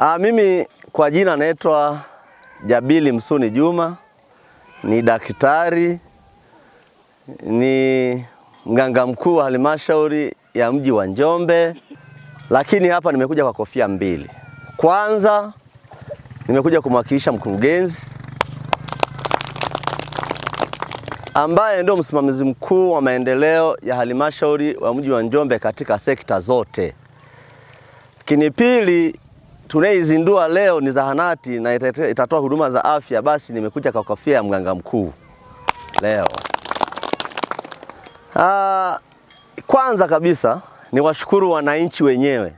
Ah, mimi kwa jina naitwa Jabili Msuni Juma, ni daktari, ni mganga mkuu wa halmashauri ya mji wa Njombe, lakini hapa nimekuja kwa kofia mbili. Kwanza nimekuja kumwakilisha mkurugenzi ambaye ndio msimamizi mkuu wa maendeleo ya halmashauri wa mji wa Njombe katika sekta zote. Lakini pili tunaizindua leo ni zahanati na itatoa huduma za afya, basi nimekuja kwa kofia ya mganga mkuu leo. Aa, ah, kwanza kabisa ni washukuru wananchi wenyewe.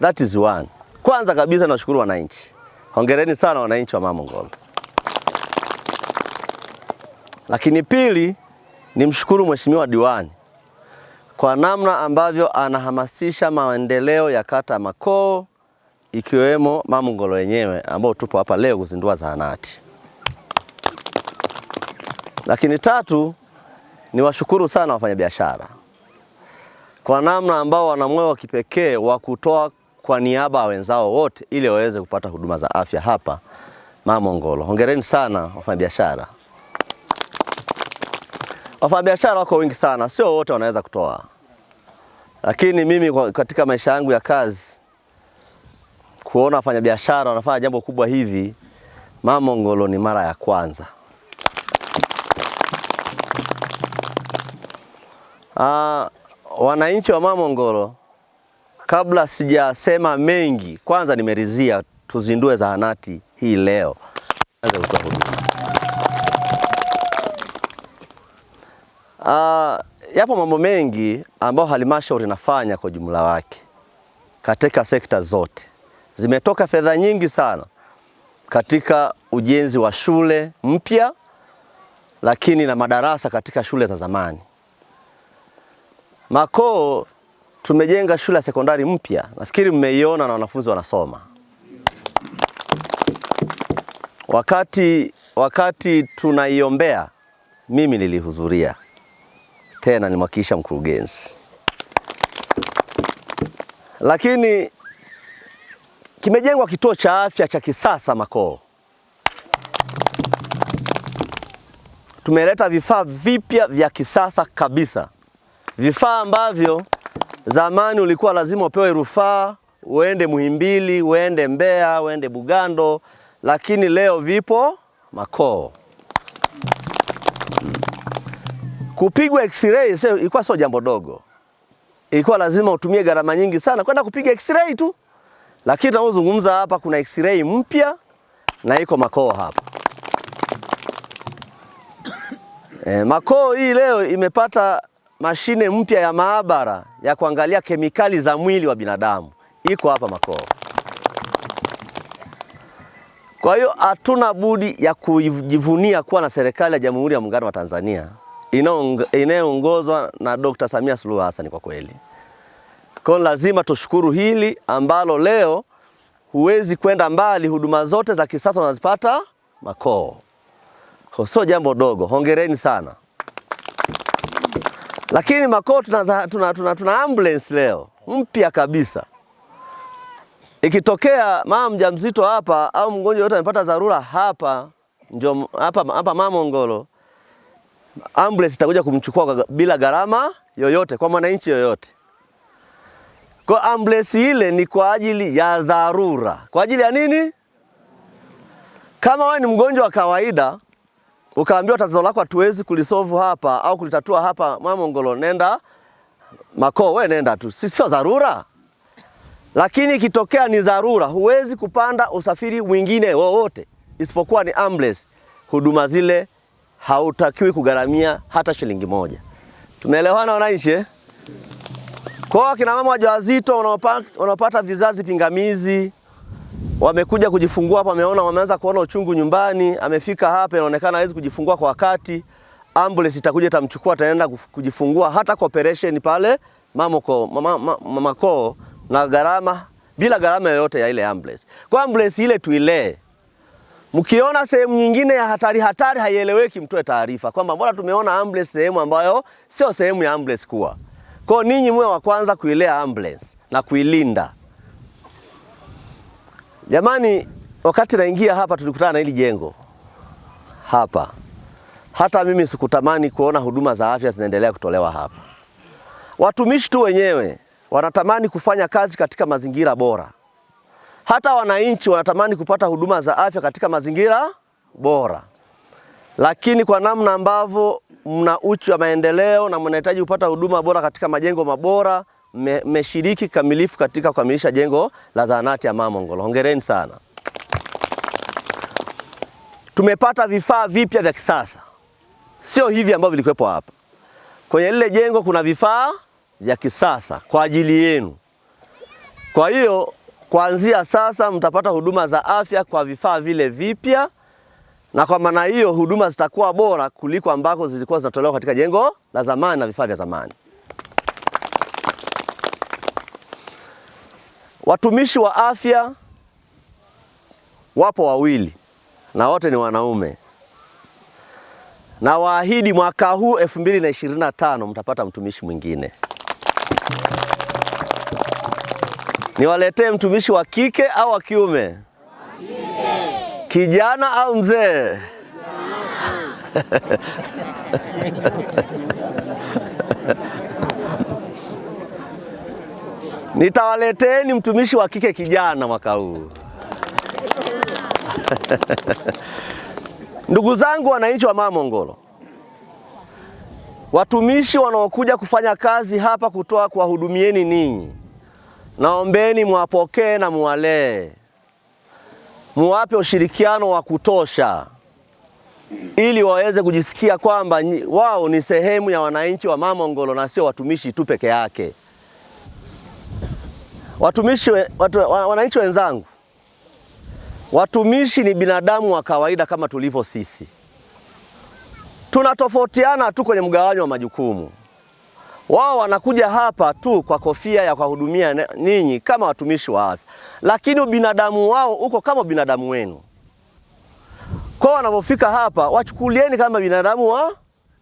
That is one. Kwanza kabisa washukuru wananchi, hongereni sana wananchi wa Mamongolo. Lakini pili ni mshukuru mheshimiwa diwani kwa namna ambavyo anahamasisha maendeleo ya kata Makoo ikiwemo mama Ngolo wenyewe ambao tupo hapa leo kuzindua zahanati. Lakini tatu ni washukuru sana wafanyabiashara kwa namna ambao wana moyo wa kipekee wa kutoa kwa niaba ya wenzao wote ili waweze kupata huduma za afya hapa mama Ngolo. Hongereni sana wafanyabiashara. Wafanyabiashara wako wengi sana, sio wote wanaweza kutoa, lakini mimi katika maisha yangu ya kazi kuona wafanyabiashara wanafanya jambo kubwa hivi Mamongolo ni mara ya kwanza. Ah, wananchi wa Mamongolo, kabla sijasema mengi, kwanza nimerizia tuzindue zahanati hii leo. Ah, yapo mambo mengi ambayo halmashauri inafanya kwa jumla wake katika sekta zote zimetoka fedha nyingi sana katika ujenzi wa shule mpya, lakini na madarasa katika shule za zamani. Makoo tumejenga shule ya sekondari mpya, nafikiri mmeiona na wanafunzi wanasoma. Wakati, wakati tunaiombea mimi nilihudhuria tena, nimwakilisha mkurugenzi, lakini kimejengwa kituo cha afya cha kisasa Makoo. Tumeleta vifaa vipya vya kisasa kabisa, vifaa ambavyo zamani ulikuwa lazima upewe rufaa uende Muhimbili, uende Mbeya, uende Bugando, lakini leo vipo Makoo. Kupigwa x-ray ilikuwa sio jambo dogo, ilikuwa lazima utumie gharama nyingi sana kwenda kupiga x-ray tu. Lakini tunazungumza hapa kuna x-ray mpya na iko Makoo hapa. E, Makoo hii leo imepata mashine mpya ya maabara ya kuangalia kemikali za mwili wa binadamu iko hapa Makoo. Kwa hiyo hatuna budi ya kujivunia kuwa na serikali ya Jamhuri ya Muungano wa Tanzania inayoongozwa na Dr. Samia Suluhu Hassan kwa kweli. Kwa hiyo lazima tushukuru hili ambalo leo huwezi kwenda mbali, huduma zote za kisasa unazipata Makoo. Sio jambo dogo, hongereni sana. Lakini Makoo tuna, tuna, tuna, tuna ambulance leo mpya kabisa. Ikitokea mama mjamzito hapa au mgonjwa yote amepata dharura hapa njo hapa hapa Mamongolo, ambulance itakuja kumchukua bila gharama yoyote kwa mwananchi yoyote. Kwa ambulance ile ni kwa ajili ya dharura. Kwa ajili ya nini? Kama wewe ni mgonjwa wa kawaida ukaambiwa tatizo lako hatuwezi kulisolve hapa au kulitatua hapa mamongolo nenda Makoo, wewe nenda tu, sio dharura. Lakini ikitokea ni dharura, huwezi kupanda usafiri mwingine wowote isipokuwa ni ambulance. Huduma zile hautakiwi kugharamia hata shilingi moja. Tumeelewana wananchi? Eh? Kwa hiyo akina mama wajawazito wanaopata vizazi pingamizi wamekuja kujifungua hapa, wameona wameanza kuona uchungu nyumbani, amefika hapa, inaonekana hawezi kujifungua kwa wakati, ambulance itakuja itamchukua, ataenda kujifungua hata kwa operation pale mamako mama, mamako na gharama bila gharama yoyote ya ile ambulance. Kwa ambulance ile tuilee. Mkiona sehemu nyingine ya hatari hatari haieleweki, mtoe taarifa kwamba mbona tumeona ambulance sehemu ambayo sio sehemu ya ambulance kuwa kwa hiyo ninyi mwe wa kwanza kuilea ambulance na kuilinda. Jamani, wakati naingia hapa tulikutana na hili jengo hapa. Hata mimi sikutamani kuona huduma za afya zinaendelea kutolewa hapa. Watumishi tu wenyewe wanatamani kufanya kazi katika mazingira bora, hata wananchi wanatamani kupata huduma za afya katika mazingira bora, lakini kwa namna ambavyo mna uchu wa maendeleo na mnahitaji kupata huduma bora katika majengo mabora, mmeshiriki kikamilifu katika kukamilisha jengo la zahanati ya Mama Ngolo. Hongereni sana. Tumepata vifaa vipya vya kisasa, sio hivi ambavyo vilikuwepo hapa kwenye lile jengo. Kuna vifaa vya kisasa kwa ajili yenu. Kwa hiyo kuanzia sasa mtapata huduma za afya kwa vifaa vile vipya na kwa maana hiyo huduma zitakuwa bora kuliko ambako zilikuwa zinatolewa katika jengo la zamani na vifaa vya zamani. Watumishi wa afya wapo wawili na wote ni wanaume, na waahidi mwaka huu 2025 mtapata mtumishi mwingine. Niwaletee mtumishi wa kike au wa kiume? kijana au mzee? nitawaleteni mtumishi wa kike kijana mwaka huu. Ndugu zangu wananchi wa Mamongolo, watumishi wanaokuja kufanya kazi hapa kutoa kuwahudumieni ninyi, naombeni mwapokee na muwalee muwape ushirikiano wa kutosha ili waweze kujisikia kwamba wao ni sehemu ya wananchi wa Mamongolo na sio watumishi tu peke yake. Watumishi, watu, wananchi wenzangu, watumishi ni binadamu wa kawaida kama tulivyo sisi. Tunatofautiana tu kwenye mgawanyo wa majukumu. Wao wanakuja hapa tu kwa kofia ya kuwahudumia ninyi kama watumishi wa afya, lakini ubinadamu wao uko kama binadamu wenu. Kwa wanapofika hapa, wachukulieni kama binadamu wa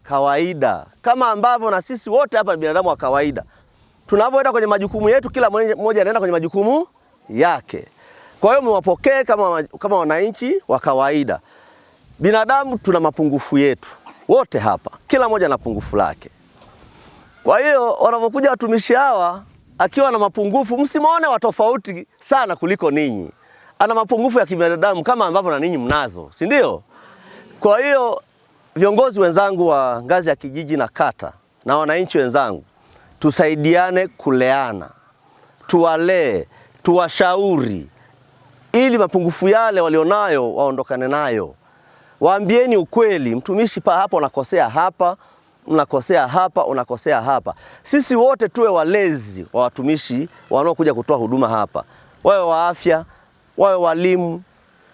kawaida, kama ambavyo na sisi wote hapa ni binadamu wa kawaida. Tunavyoenda kwenye majukumu yetu, kila mmoja anaenda kwenye majukumu yake. Kwa hiyo mwapokee kama, kama wananchi wa kawaida. Binadamu tuna mapungufu yetu wote hapa, kila mmoja ana pungufu lake. Kwa hiyo wanapokuja watumishi hawa akiwa na mapungufu, msimwone wa tofauti sana kuliko ninyi. Ana mapungufu ya kibinadamu kama ambavyo na ninyi mnazo, si ndio? Kwa hiyo viongozi wenzangu wa ngazi ya kijiji na kata na wananchi wenzangu, tusaidiane kuleana, tuwalee, tuwashauri ili mapungufu yale walionayo waondokane nayo. Waambieni ukweli, mtumishi pa hapo anakosea hapa unakosea hapa, unakosea hapa. Sisi wote tuwe walezi wa watumishi wanaokuja kutoa huduma hapa, wawe wa afya, wawe walimu,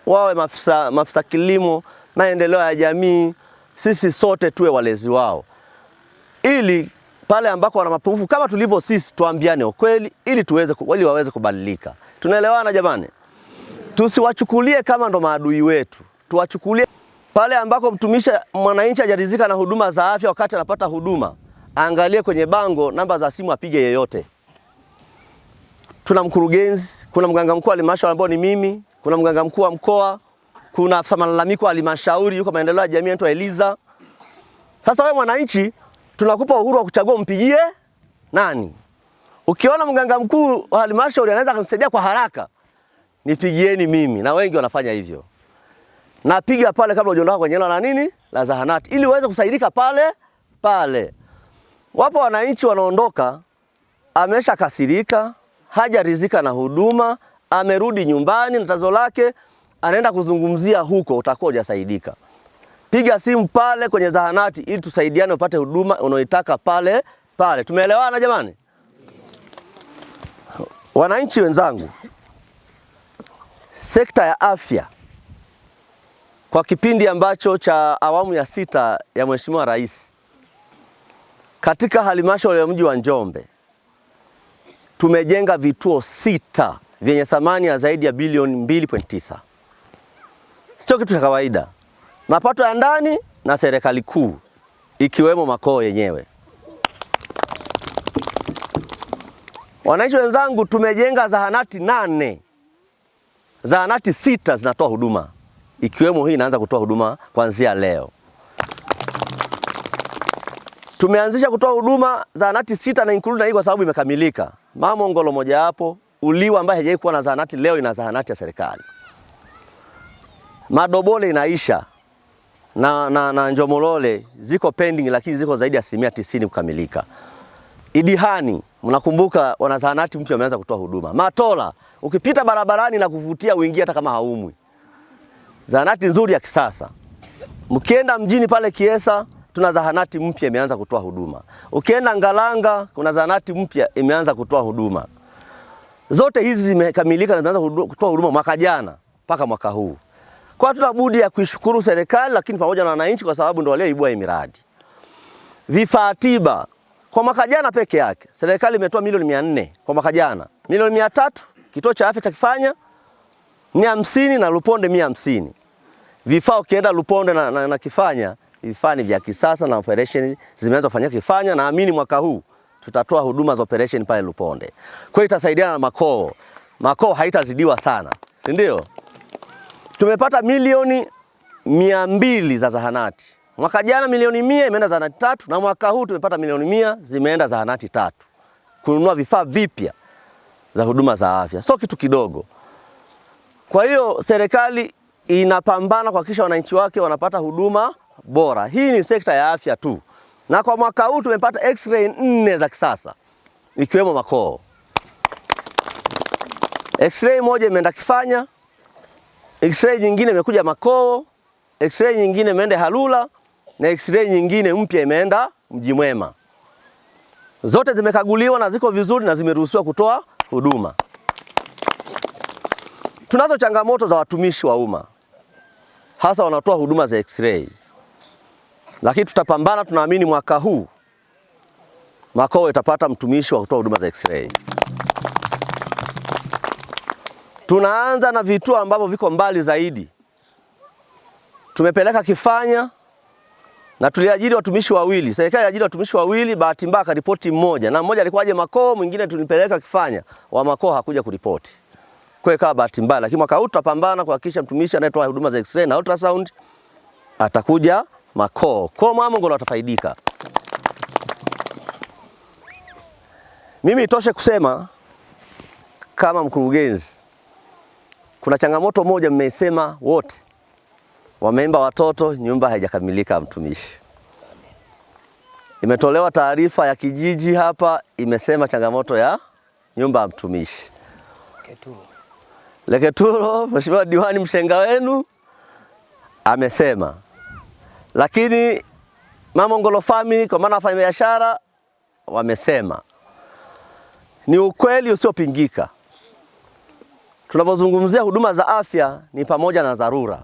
wawe mafisa mafisa kilimo, maendeleo ya jamii. Sisi sote tuwe walezi wao, ili pale ambako wana mapungufu kama tulivyo sisi, tuambiane ukweli, ili tuweze wali waweze kubadilika. Tunaelewana jamani? Tusiwachukulie kama ndo maadui wetu, tuwachukulie pale ambako mtumishi mwananchi hajaridhika na huduma za afya wakati anapata huduma, aangalie kwenye bango namba za simu apige yeyote. Tuna mkurugenzi, kuna mganga mkuu wa halmashauri ambao ni mimi, kuna mganga mkuu wa mkoa, kuna afisa malalamiko wa halmashauri yuko maendeleo ya jamii anaitwa Eliza. Sasa wewe mwananchi, tunakupa uhuru wa kuchagua mpigie nani. Ukiona mganga mkuu wa halmashauri anaweza kumsaidia kwa haraka, nipigieni mimi, na wengi wanafanya hivyo napiga pale kabla hujaondoka kwenye hilo la nini la zahanati, ili uweze kusaidika pale pale. Wapo wananchi wanaondoka, amesha kasirika, na huduma, amerudi nyumbani na tatizo lake, anaenda kuzungumzia huko, utakuwa hujasaidika. Piga simu pale kwenye zahanati ili tusaidiane, upate huduma unaoitaka pale pale. Tumeelewana jamani? Wananchi wenzangu, sekta ya afya kwa kipindi ambacho cha awamu ya sita ya Mheshimiwa Rais katika halmashauri ya mji wa Njombe tumejenga vituo sita vyenye thamani ya zaidi ya bilioni 2.9. Sio kitu cha kawaida, mapato ya ndani na serikali kuu ikiwemo makoo yenyewe. Wananchi wenzangu, tumejenga zahanati nane, zahanati sita zinatoa huduma ikiwemo hii inaanza kutoa huduma kuanzia leo. Tumeanzisha kutoa huduma zahanati sita na include na hii kwa sababu imekamilika. Mama Ngolo moja hapo, Uliwa ambaye hajawahi kuwa na zahanati leo ina zahanati ya serikali. Madobole inaisha na, na, na Njomolole ziko pending lakini ziko zaidi ya asilimia tisini kukamilika. Idihani mnakumbuka, wana zahanati mpya wameanza kutoa huduma. Matola ukipita barabarani na kuvutia uingie hata kama haumwi zahanati nzuri ya kisasa. Mkienda mjini pale Kiesa tuna zahanati mpya imeanza kutoa huduma. Ukienda Ngalanga kuna zahanati mpya imeanza kutoa huduma. Zote hizi zimekamilika na zimeanza kutoa huduma mwaka jana mpaka mwaka huu. Kwa tuna budi ya kuishukuru serikali, lakini pamoja na wananchi, kwa sababu ndio walioibua hii miradi. Vifaa tiba kwa mwaka jana peke yake serikali imetoa milioni 400 kwa mwaka jana, milioni 300 kituo cha afya cha kifanya mia hamsini na Luponde mia hamsini. Vifaa ukienda Luponde na, na, na Kifanya, vifaa ni vya kisasa na operation zimeanza kufanyika Kifanya. Naamini mwaka huu tutatoa huduma za operation pale Luponde, kwa hiyo itasaidiana na makoo, makoo haitazidiwa sana, si ndio? Tumepata milioni mia mbili za zahanati mwaka jana, milioni mia imeenda zahanati tatu, na mwaka huu tumepata milioni mia zimeenda zahanati tatu kununua vifaa vipya za huduma za afya, sio kitu kidogo. Kwa hiyo serikali inapambana kuhakikisha wananchi wake wanapata huduma bora. Hii ni sekta ya afya tu, na kwa mwaka huu tumepata x-ray nne za kisasa ikiwemo makoo. X-ray moja imeenda Kifanya, x-ray nyingine imekuja Makoo, x-ray nyingine imeenda Halula na x-ray nyingine mpya imeenda Mji Mwema. Zote zimekaguliwa na ziko vizuri na zimeruhusiwa kutoa huduma. Tunazo changamoto za watumishi wa umma hasa wanatoa huduma za x-ray, lakini tutapambana. Tunaamini mwaka huu Makowe itapata mtumishi wa kutoa huduma za x-ray. Tunaanza na vituo ambavyo viko mbali zaidi. Tumepeleka Kifanya na tuliajiri watumishi wawili, serikali iliajiri watumishi wawili, bahati mbaya akaripoti mmoja, na mmoja alikuwa aje mwingine tulipeleka Kifanya, wa makoo hakuja kuripoti kwa ikawa bahati mbaya, lakini mwaka huu tutapambana kuhakikisha mtumishi anayetoa huduma za x-ray na ultrasound atakuja Makoo. Kwa Mwamungulo atafaidika. Mimi itoshe kusema kama mkurugenzi, kuna changamoto moja mmesema wote, wameimba watoto, nyumba haijakamilika mtumishi. Imetolewa taarifa ya kijiji hapa, imesema changamoto ya nyumba ya mtumishi Leketuro, Mheshimiwa Diwani Mshenga wenu amesema, lakini Mama Ngolo Family kwa maana biashara wamesema, ni ukweli usiopingika. Tunapozungumzia huduma za afya ni pamoja na dharura.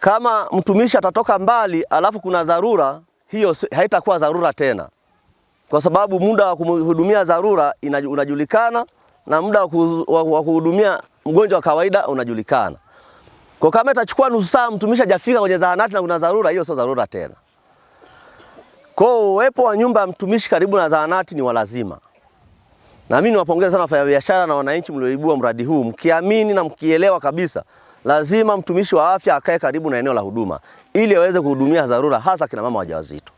Kama mtumishi atatoka mbali alafu kuna dharura, hiyo haitakuwa dharura tena, kwa sababu muda wa kumhudumia dharura unajulikana na muda wa kuhudumia mgonjwa wa kawaida unajulikana. Kwa kama itachukua nusu saa mtumishi hajafika kwenye zahanati na kuna dharura, hiyo sio dharura tena. Kwa uwepo wa nyumba ya mtumishi karibu na zahanati ni walazima. Na mimi niwapongeza sana wafanyabiashara na wananchi mlioibua mradi huu, mkiamini na mkielewa kabisa lazima mtumishi wa afya akae karibu na eneo la huduma ili aweze kuhudumia dharura, hasa kina mama wajawazito.